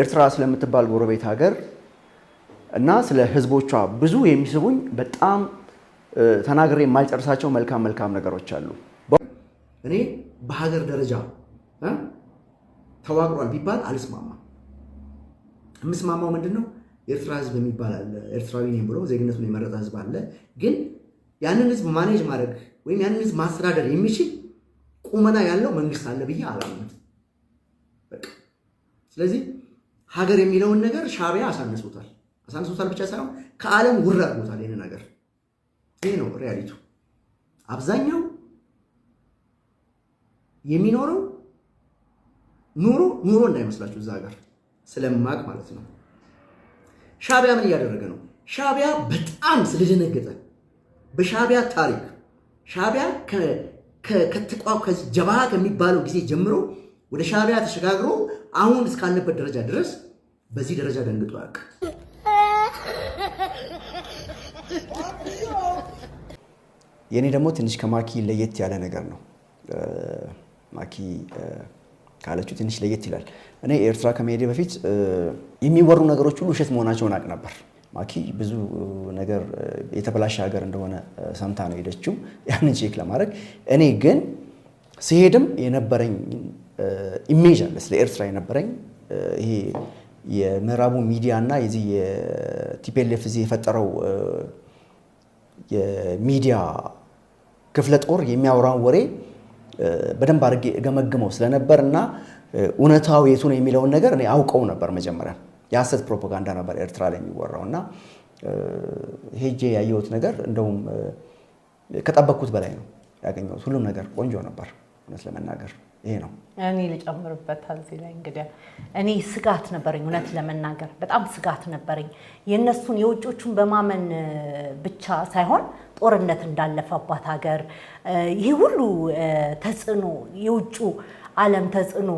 ኤርትራ ስለምትባል ጎረቤት ሀገር እና ስለ ህዝቦቿ ብዙ የሚስቡኝ በጣም ተናግሬ የማልጨርሳቸው መልካም መልካም ነገሮች አሉ። እኔ በሀገር ደረጃ ተዋቅሯል ቢባል አልስማማም። የምስማማው ምንድን ነው? ኤርትራ ህዝብ የሚባል አለ። ኤርትራዊ ነኝ ብሎ ዜግነቱን የመረጠ ህዝብ አለ። ግን ያንን ህዝብ ማኔጅ ማድረግ ወይም ያንን ህዝብ ማስተዳደር የሚችል ቁመና ያለው መንግስት አለ ብዬ አላምንም። ስለዚህ ሀገር የሚለውን ነገር ሻቢያ አሳንሶታል። አሳንሶታል ብቻ ሳይሆን ከዓለም ውር አድርጎታል። ይህን ነገር ይህ ነው ሪያሊቱ። አብዛኛው የሚኖረው ኑሮ ኑሮ እንዳይመስላችሁ እዛ ሀገር ስለማቅ ማለት ነው። ሻቢያ ምን እያደረገ ነው? ሻቢያ በጣም ስለደነገጠ በሻቢያ ታሪክ ሻቢያ ከትቋ ጀባሃ ከሚባለው ጊዜ ጀምሮ ወደ ሻቢያ ተሸጋግሮ አሁን እስካለበት ደረጃ ድረስ በዚህ ደረጃ ደንግጦ ያውቅ። የእኔ ደግሞ ትንሽ ከማኪ ለየት ያለ ነገር ነው። ማኪ ካለችው ትንሽ ለየት ይላል። እኔ ኤርትራ ከመሄዴ በፊት የሚወሩ ነገሮች ሁሉ ውሸት መሆናቸውን አውቅ ነበር። ማኪ ብዙ ነገር የተበላሸ ሀገር እንደሆነ ሰምታ ነው ሄደችው፣ ያንን ቼክ ለማድረግ። እኔ ግን ስሄድም የነበረኝ ኢሜጅ አለ ስለ ኤርትራ የነበረኝ ይሄ የምዕራቡ ሚዲያ እና የዚህ የቲፒኤልኤፍ እዚህ የፈጠረው የሚዲያ ክፍለ ጦር የሚያወራውን ወሬ በደንብ አድርጌ እገመግመው ስለነበር እና እውነታው የቱ ነው የሚለውን ነገር እኔ አውቀው ነበር። መጀመሪያ የሐሰት ፕሮፓጋንዳ ነበር ኤርትራ ላይ የሚወራው እና ሄጄ ያየሁት ነገር እንደውም ከጠበቅኩት በላይ ነው ያገኘሁት። ሁሉም ነገር ቆንጆ ነበር እውነት ለመናገር። ይሄ ነው። እኔ ልጨምርበት እዚህ ላይ እንግዲህ እኔ ስጋት ነበረኝ፣ እውነት ለመናገር በጣም ስጋት ነበረኝ። የእነሱን የውጮቹን በማመን ብቻ ሳይሆን ጦርነት እንዳለፈባት ሀገር ይህ ሁሉ ተጽዕኖ የውጩ ዓለም ተጽዕኖ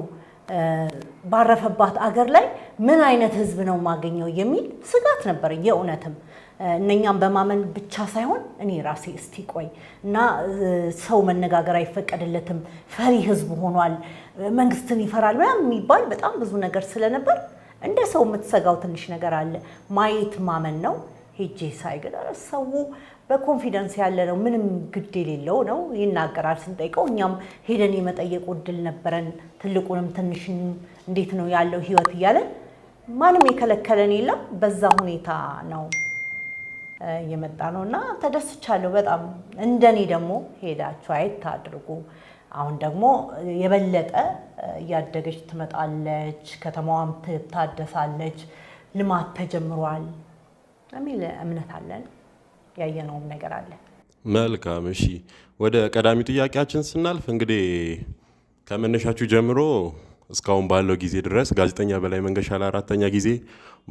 ባረፈባት አገር ላይ ምን አይነት ህዝብ ነው የማገኘው የሚል ስጋት ነበረኝ የእውነትም እነኛም በማመን ብቻ ሳይሆን እኔ ራሴ እስቲ ቆይ እና ሰው መነጋገር አይፈቀድለትም፣ ፈሪ ህዝብ ሆኗል፣ መንግስትን ይፈራል ምናምን የሚባል በጣም ብዙ ነገር ስለነበር እንደ ሰው የምትሰጋው ትንሽ ነገር አለ። ማየት ማመን ነው። ሄጄ ሳይገዳ ሰው በኮንፊደንስ ያለ ነው፣ ምንም ግድ የሌለው ነው፣ ይናገራል ስንጠይቀው። እኛም ሄደን የመጠየቁ እድል ነበረን። ትልቁንም ትንሽን እንዴት ነው ያለው ህይወት እያለን ማንም የከለከለን የለም። በዛ ሁኔታ ነው እየመጣ ነው እና ተደስቻለሁ በጣም። እንደኔ ደግሞ ሄዳችሁ አየት አድርጉ። አሁን ደግሞ የበለጠ እያደገች ትመጣለች፣ ከተማዋም ትታደሳለች፣ ልማት ተጀምሯል የሚል እምነት አለን። ያየነውም ነገር አለ። መልካም። እሺ፣ ወደ ቀዳሚ ጥያቄያችን ስናልፍ እንግዲህ ከመነሻችሁ ጀምሮ እስካሁን ባለው ጊዜ ድረስ ጋዜጠኛ በላይ መንገሻ ለአራተኛ ጊዜ፣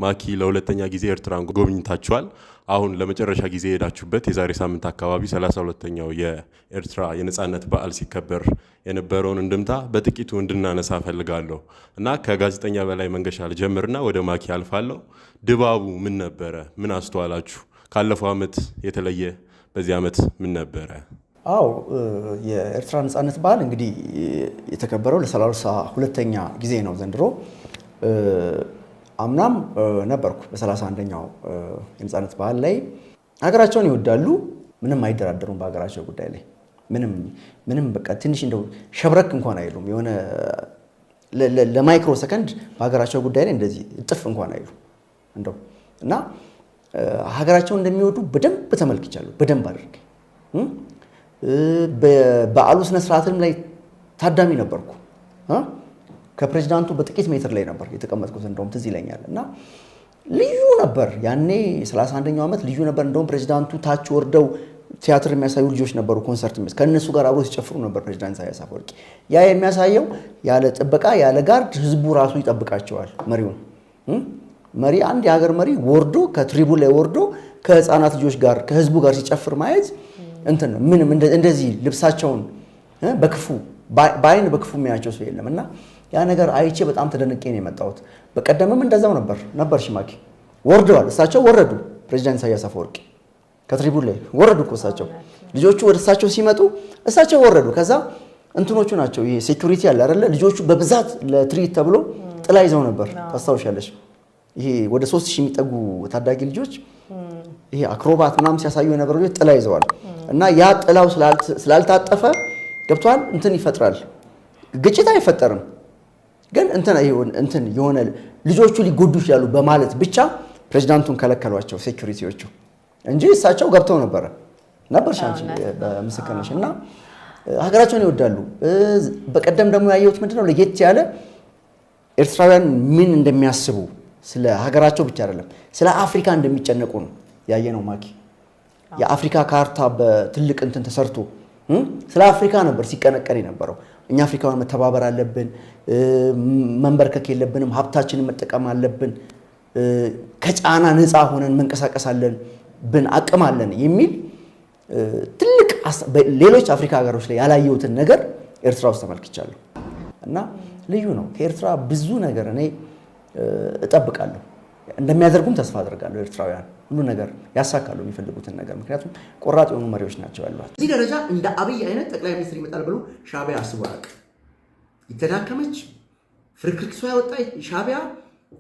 ማኪ ለሁለተኛ ጊዜ ኤርትራን ጎብኝታችኋል። አሁን ለመጨረሻ ጊዜ የሄዳችሁበት የዛሬ ሳምንት አካባቢ 32 ሁለተኛው የኤርትራ የነጻነት በዓል ሲከበር የነበረውን እንድምታ በጥቂቱ እንድናነሳ ፈልጋለሁ እና ከጋዜጠኛ በላይ መንገሻ ልጀምርና ወደ ማኪ አልፋለሁ። ድባቡ ምን ነበረ? ምን አስተዋላችሁ? ካለፈው ዓመት የተለየ በዚህ ዓመት ምን ነበረ? አው የኤርትራ ነጻነት በዓል እንግዲህ የተከበረው ለሰላሳ ሁለተኛ ጊዜ ነው ዘንድሮ። አምናም ነበርኩ በሰላሳ አንደኛው የነጻነት በዓል ላይ። ሀገራቸውን ይወዳሉ፣ ምንም አይደራደሩም በሀገራቸው ጉዳይ ላይ ምንም ምንም በቃ ትንሽ እንደው ሸብረክ እንኳን አይሉም። የሆነ ለማይክሮ ሰከንድ በሀገራቸው ጉዳይ ላይ እንደዚህ እጥፍ እንኳን አይሉ እንደው እና ሀገራቸውን እንደሚወዱ በደንብ ተመልክቻለሁ በደንብ አድርግ በበዓሉ ስርዓትም ላይ ታዳሚ ነበርኩ። ከፕሬዚዳንቱ በጥቂት ሜትር ላይ ነበር የተቀመጥኩት፣ እንደውም ትዝ ይለኛል። እና ልዩ ነበር ያኔ 31ኛው ዓመት ልዩ ነበር። እንደውም ፕሬዚዳንቱ ታች ወርደው ቲያትር የሚያሳዩ ልጆች ነበሩ፣ ኮንሰርት ከእነሱ ጋር አብሮ ሲጨፍሩ ነበር ፕሬዚዳንት ኢሳያስ አፈወርቂ። ያ የሚያሳየው ያለ ጥበቃ ያለ ጋርድ ህዝቡ ራሱ ይጠብቃቸዋል መሪውን መሪ አንድ የሀገር መሪ ወርዶ ከትሪቡን ላይ ወርዶ ከህፃናት ልጆች ጋር ከህዝቡ ጋር ሲጨፍር ማየት እንትን ነው ምንም እንደዚህ ልብሳቸውን በክፉ በአይን በክፉ የሚያቸው ሰው የለም። እና ያ ነገር አይቼ በጣም ተደንቄ ነው የመጣሁት። በቀደምም እንደዛው ነበር ነበር ሽማኪ ወርደዋል። እሳቸው ወረዱ። ፕሬዚዳንት ኢሳያስ አፈወርቂ ከትሪቡን ላይ ወረዱ እኮ እሳቸው። ልጆቹ ወደ እሳቸው ሲመጡ እሳቸው ወረዱ። ከዛ እንትኖቹ ናቸው ይሄ ሴኩሪቲ ያለ አይደለ? ልጆቹ በብዛት ለትርኢት ተብሎ ጥላ ይዘው ነበር። ታስታውሻለሽ? ይሄ ወደ ሶስት ሺህ የሚጠጉ ታዳጊ ልጆች ይሄ አክሮባት ምናምን ሲያሳዩ ነበር ልጆች ጥላ ይዘዋል። እና ያ ጥላው ስላልታጠፈ ገብቷል እንትን ይፈጥራል። ግጭት አይፈጠርም፣ ግን እንትን የሆነ ልጆቹ ሊጎዱ ይችላሉ በማለት ብቻ ፕሬዚዳንቱን ከለከሏቸው ሴኩሪቲዎቹ እንጂ እሳቸው ገብተው ነበረ ነበር ሻንቺ በምስክርነሽ እና ሀገራቸውን ይወዳሉ። በቀደም ደግሞ ያየሁት ምንድነው ለየት ያለ ኤርትራውያን ምን እንደሚያስቡ ስለ ሀገራቸው ብቻ አይደለም ስለ አፍሪካ እንደሚጨነቁ ነው ያየነው ማኪ የአፍሪካ ካርታ በትልቅ እንትን ተሰርቶ ስለ አፍሪካ ነበር ሲቀነቀን የነበረው። እኛ አፍሪካን መተባበር አለብን፣ መንበርከክ የለብንም፣ ሀብታችንን መጠቀም አለብን፣ ከጫና ነፃ ሆነን መንቀሳቀስ አለብን፣ አቅም አለን የሚል ትልቅ ሌሎች አፍሪካ ሀገሮች ላይ ያላየሁትን ነገር ኤርትራ ውስጥ ተመልክቻለሁ እና ልዩ ነው። ከኤርትራ ብዙ ነገር እኔ እጠብቃለሁ። እንደሚያደርጉም ተስፋ አድርጋለሁ። ኤርትራውያን ሁሉ ነገር ያሳካሉ የሚፈልጉትን ነገር፣ ምክንያቱም ቆራጥ የሆኑ መሪዎች ናቸው ያሏቸው። እዚህ ደረጃ እንደ አብይ አይነት ጠቅላይ ሚኒስትር ይመጣል ብሎ ሻቢያ አስቦ አያውቅም። የተዳከመች ፍርክርክሷ ያወጣ ሻቢያ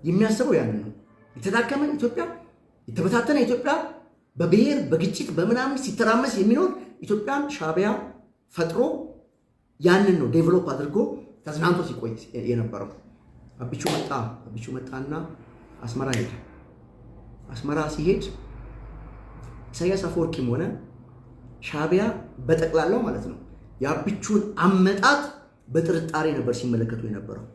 የሚያስበው ያንን ነው። የተዳከመ ኢትዮጵያ፣ የተበታተነ ኢትዮጵያ፣ በብሔር በግጭት በምናምን ሲተራመስ የሚኖር ኢትዮጵያን ሻቢያ ፈጥሮ ያንን ነው ዴቨሎፕ አድርጎ ተዝናንቶ ሲቆይ የነበረው። አብቹ መጣ አብቹ መጣና አስመራ ሄደ። አስመራ ሲሄድ ኢሳያስ አፈወርቂም ሆነ ሻቢያ በጠቅላላው ማለት ነው የአብቹን አመጣጥ በጥርጣሬ ነበር ሲመለከቱ የነበረው።